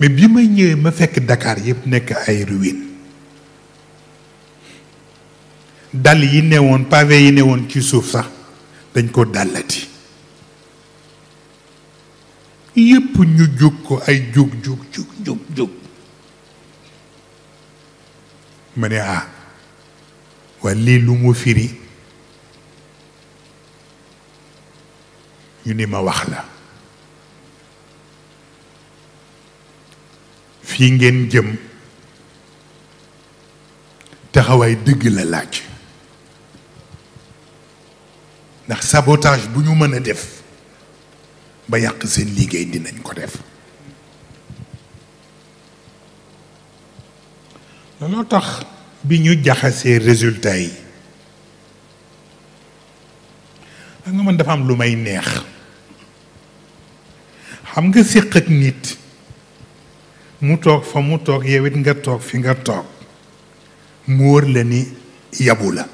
mais bi may ñëwee ma fekk dakaar yëpp nekk ay ruines dàll yi ne woon pavé yi ne woon ci suuf sa dañ ko dàllati yépp ñu jóg ko ay jóg jóg jóg jóg jóg ma ne ah waa lii lu mu firi ñu ni ma wax la fii ngeen jëm taxawaay dëgg la laaj ndax sabotage bu ñu mën a def ba yàq seen liggéey dinañ ko def looloo tax bi ñu jaxasee résultat yi xam nga man dafa am lu may neex xam nga séq ak nit mu toog fa mu toog yow nga toog fi nga toog mu wër la ni yabu la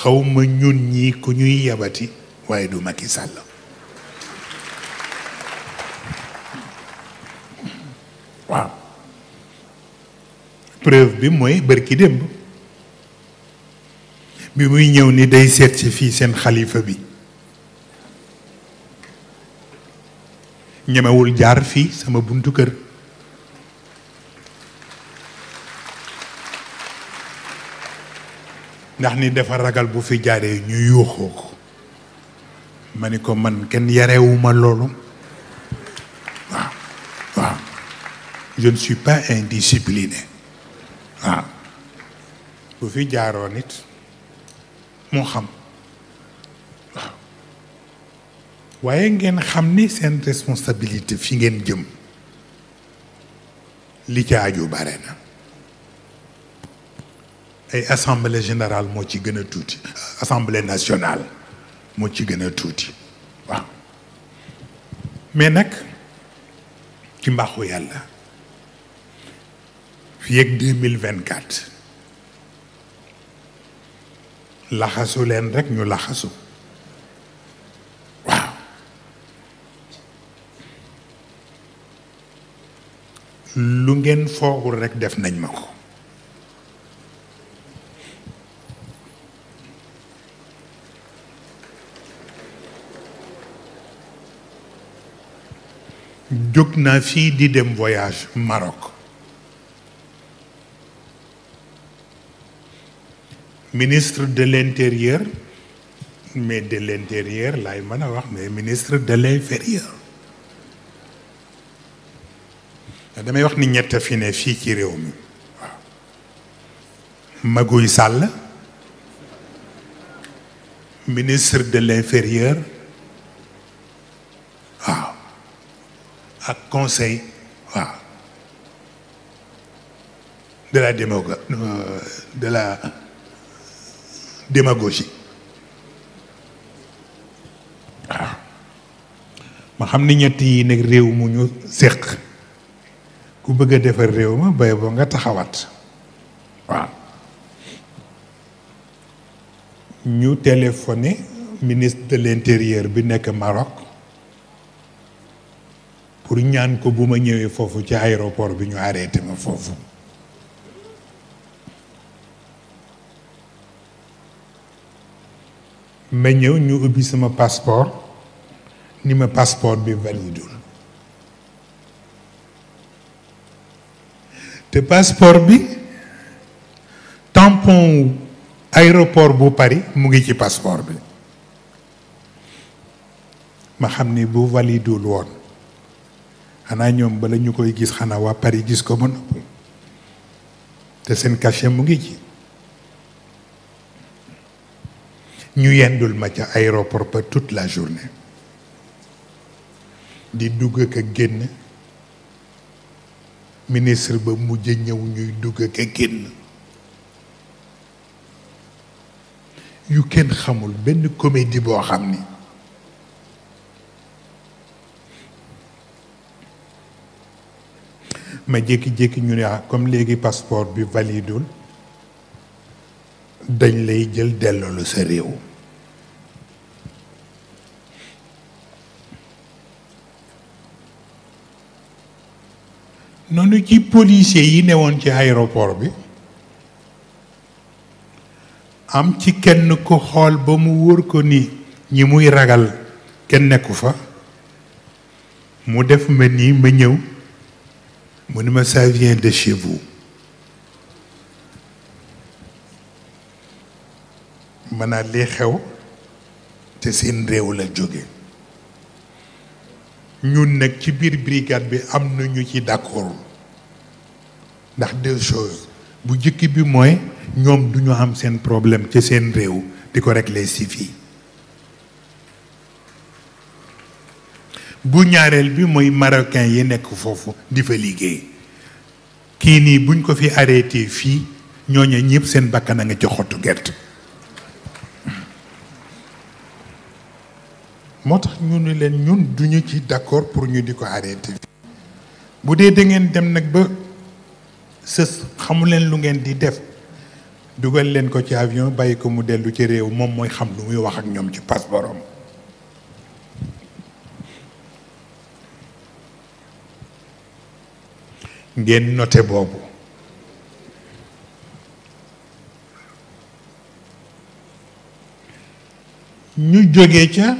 xawma ñun ñi ku ñuy yabati waaye du Macky Sall waaw preuve bi mooy bërki démb bi muy ñëw ni day seet fii seen xalifa bi ñemewul jaar fii sama buntu kër ndax ni dafa ragal bu fi jaaree ñu yuuxoo ko ma ni ko man kenn yarewuma loolu waaw waaw je ne suis pas indiscipliné waaw bu fi jaaroo nit moo xam waaye ngeen xam ni seen responsabilité fi ngeen jëm li ca aju bare na ay assemblée générale moo ci gën a tuuti assemblée nationale moo ci gën a tuuti waaw mais nag ci mbaaxu yàlla fi yegg mille vingt quatre laxasu leen rek ñu laxasu lu ngeen foogul rekk def nañ ma ko jóg naa fii di dem voyage marok ministre de l'intérieur mais de l'intérieur laay mën a wax mais ministre de l'inférieur damay wax ni ñett fi ne fii ci réew mi waaw Maguy Sall ministre de l'intérieur waaw ak conseil waaw de la démago de la démagogie ma xam ni ñett yi nag réew mu ñu séq ku bëgg a defar réew ma bay boo nga taxawat waaw ñu téléphoné ministre de l'intérieur bi nekk Maroc pour ñaan ko bu ma ñëwee foofu ci aéroport bi ñu arrêté ma foofu ma ñëw ñu ubbi sama passeport ni ma passeport bi validul te passeport bi tampon aéroport bu Paris mu ngi ci passeport bi ma xam ni bu validul woon xanaa ñoom bala ñu koy gis xanaa waa Paris gis ko ba noppi te seen cachet mu ngi ci ñu yendul ma ca aéroport ba toute la journée di dugg ak génn ministre ba mujj ñëw ñuy dugg ak a génn yu kenn xamul benn comédie boo xam ni ma jékki-jékki ñu ne ah, comme léegi passeport bi validul dañ lay jël delloo lu sa réew noonu ci policier yi ne woon ci aéroport bi am ci kenn ku xool ba mu wóor ko ni ñi muy ragal kenn nekku fa mu def ma nii ma ñëw mu ni ma ça vient de chez vous lii xew te seen réew la jóge ñun nekk ci biir brigade bi am na ñu ci d'accord ndax deux bu jëkk bi mooy ñoom du ñu am seen problème ci seen réew di ko régler si fi bu ñaareel bi mooy marocain yi nekk foofu di fa liggéey kii nii buñ ko fi arrêté fii ñooñu ñëpp seen bakkan a ngi ci xottu gerte moo tax ñu ni leen ñun duñu ci d'accord pour ñu di ko arrêté bu dee dangeen ngeen dem nag ba sës xamu leen lu ngeen di def dugal leen ko ci avion bàyyi ko mu dellu ci réew moom mooy xam lu muy wax ak ñoom ci passeport am ngeen note boobu ñu jógee ca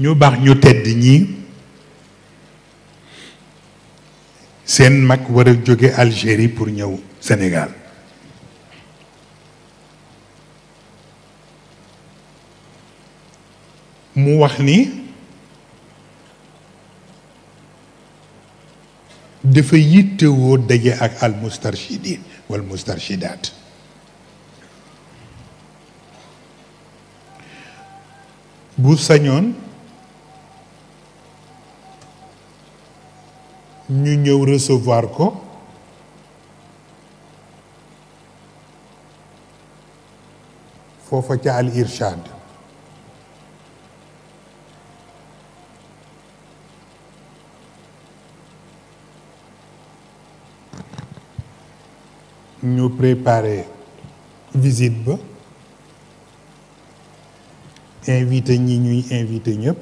ñu baax ñu tedd ñi seen mag war a jóge Algérie pour ñëw Sénégal mu wax ni dafa yittewoo daje ak al mustarshidin wal mustarshidaat bu sañoon ñu ñëw recevoir ko foofa ca al irshad ñu préparé visite ba invité ñi ñuy invité ñëpp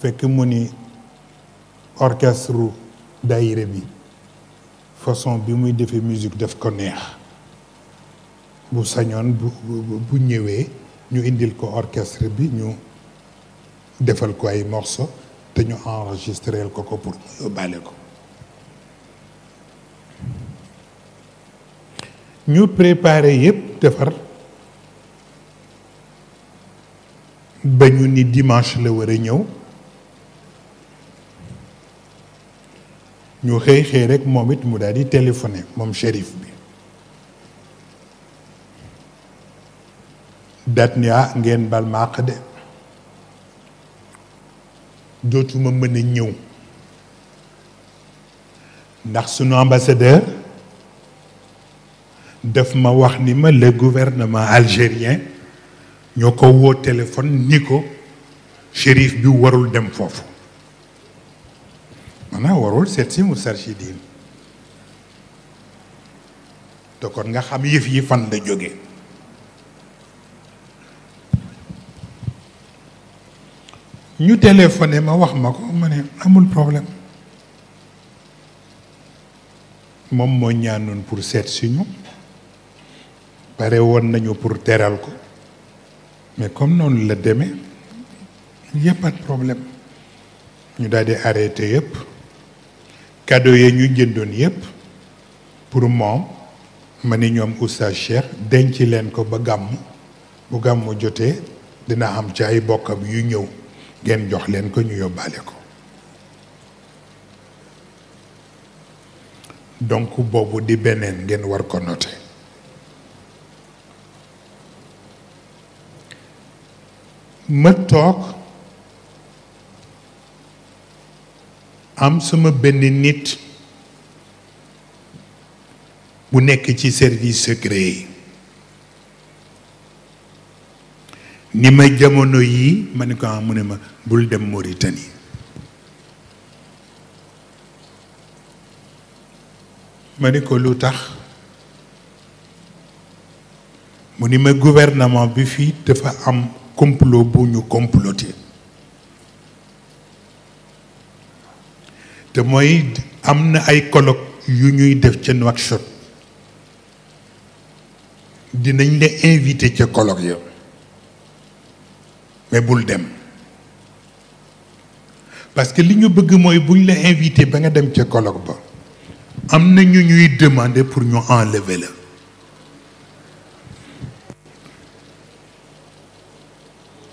fekk mu ni orchestre daayire bi façon bi muy defee musique def ko neex bu sañoon bu bu ñëwee ñu indil ko orchestre bi ñu defal ko ay morso te ñu enregistreel ko ko pour mu yóbbaale ko ñu préparé yépp defar ba ñu ni dimanche la war a ñëw ñu xëy xëy rek moom it mu daal di téléphoné moom shérif bi daat ni ah ngeen bal ma àq de mën a ñëw ndax sunu ambassadeur daf ma wax ni ma le gouvernement algérien ñoo ko woo téléphone ni ko shérif bi warul dem foofu maanaam warul seet si Moustarchidine te kon nga xam yëf yi fan la jóge ñu téléphoné ma wax ma ko ma ne amul problème moom moo ñaanoon pour seet suñu pare woon nañu pour teral ko mais comme noonu la demee yëpp at problème ñu daal di arrêté yëpp cadeau yi ñu jëndoon yépp pour moom ma ni ñoom oustaz Cheikh denc leen ko ba gàmm bu gàmm jotee dina am ci ay bokkam yu ñëw ngeen jox leen ko ñu yóbbaale ko donc boobu di beneen ngeen war ko noté ma toog am sama benn nit bu nekk ci service secret yi ni ma jamono yii ma ne ko am ah, mu ne ma bul dem Mauritanie ma ni ko lu tax mu ni ma gouvernement bi fii dafa am complot bu ñu comploté te mooy am na ay colloque yu ñuy def ca Nouakchott dinañ la invité ca colloque ya mais bul dem parce que li ñu bëgg mooy buñ la invité ba nga dem ca kolog ba am na ñu ñuy demander pour ñu enlever la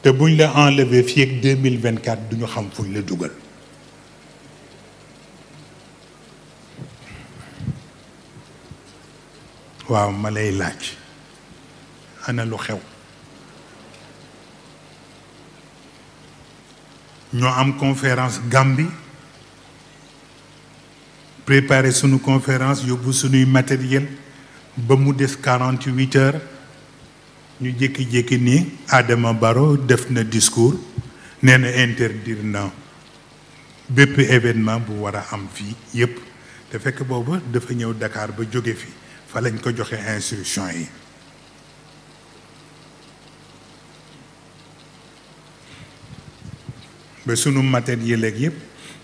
te bu buñ la enlever fii ak deux mille vingt quatre du ñu xam fuñ la dugal. waaw ma lay laaj ana lu xew ñoo am conférence Gambie préparé sunu conférence yóbbu sunuy matériel ba mu des quarante huit ñu jékki-jékki ni Adama Barrow def na discours nee na interdire na bépp événement bu war a am fii yépp te fekk boobu dafa ñëw Dakar ba jóge fii fa lañ ko joxe instruction yi ba sunu matériel ak yëpp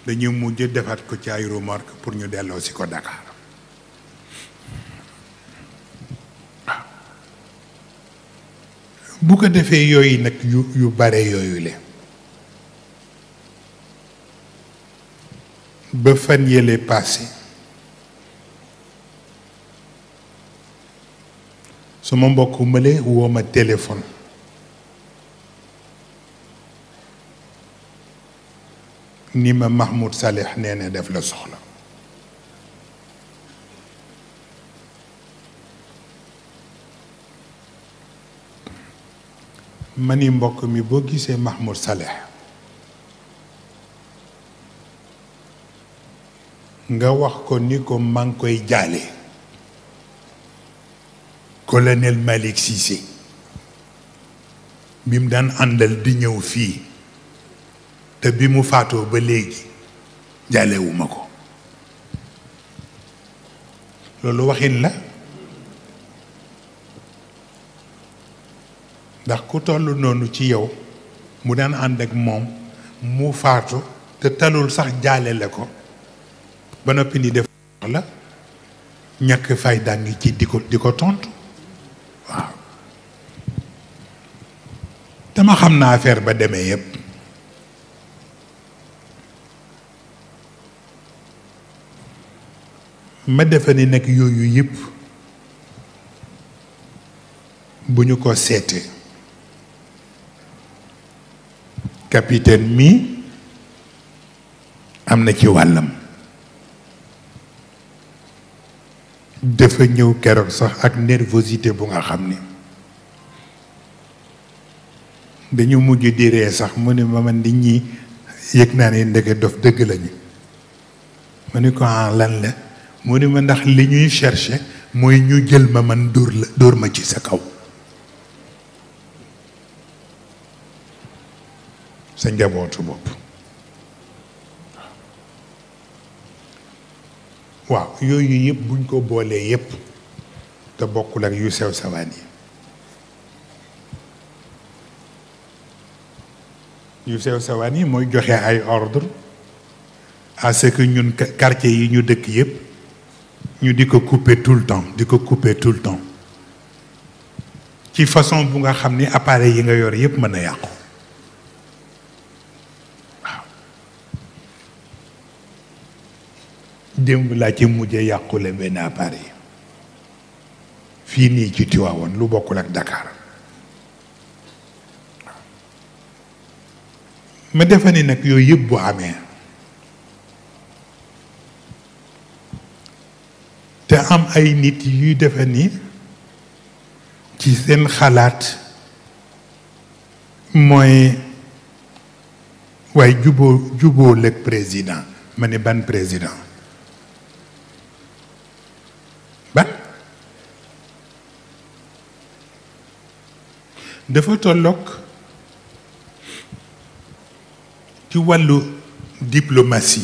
dañuy mujj defaat ko ci ay mark pour ñu delloo si ko Dakar bu ko defee yooyu nag yu yu bare yooyule ba fan yële passé sama mbokk mële woo ma téléphone ni ma Mahmoud Saleh nee na def la soxla ma ni mbokk mi boo gisee Mahmoud Saleh nga wax ko ni ko maa ngi koy jaale colonel Malick Cissé bi mu daan àndal di ñëw fii te bi mu faatoo ba léegi jàllewuma ko loolu waxin la ndax ku toll noonu ci yow mu daan ànd ak moom mu faatu te talul sax jaale la ko ba noppi ni def la ñàkk fay daa ngi ci di ko di ko tontu waaw dama xam naa affaire ba demee yépp ma defe ni nag yooyu yépp bu ñu ko seete capitaine mi am na ci wàllam dafa ñëw keroog sax ak nervosité bu nga xam ni dañu mujj di ree sax mu ne ma man nit ñi yëg naa ne ndege dof dëgg lañu ma ni ko ah lan la mu ne ma ndax li ñuy cherche mooy ñu jël ma man dóor la dóor ma ci sa kaw sa njabootu bopp waaw yooyu yëpp buñ ko boolee yëpp te bokkul ak yu sew sawaan yi yu sew sawaan yi mooy joxe ay ordre à ce que ñun quartier yi ñu dëkk yëpp ñu di ko couper tout temps di ko couper tout temps ci façon bu nga xam ni appareil yi nga yor yëpp mën a yàqu démb laa ci mujj yàqule benn appareil fii nii ci Tiwaawoon lu bokkul ak Dakar ma defe ni nag yooyu yëpp bu amee te am ay nit yuy defe ni ci seen xalaat mooy waaye juboo juboo lëg président ma ne ban président dafa tolloog ci wàllu diplomatie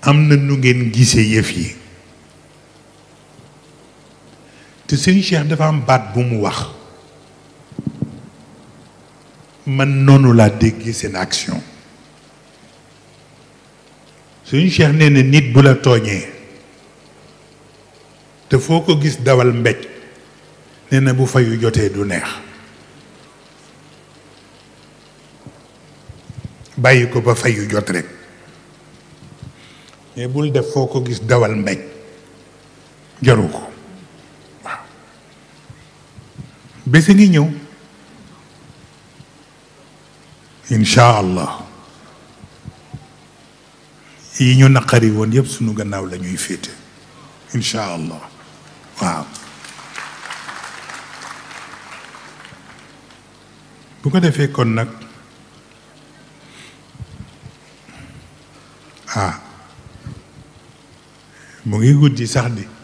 am na nu ngeen gisee yëf yi te sëñ Cheikh dafa am baat bu mu wax man noonu laa déggee seen action sëñ Cheikh nee na nit bu la tooñee te foo ko gis dawal mbéj nee bu fayu jotee du neex bàyyi ko ba fayu jot rek mais bul def foo ko gis dawal mbéj jaru ko waaw bési ngi ñëw incha allah yi ñu naqari woon yëpp sunu gannaaw lañuy ñuy féete incha allah waaw bu ko defee kon nag ah mu ngi guddi sax bi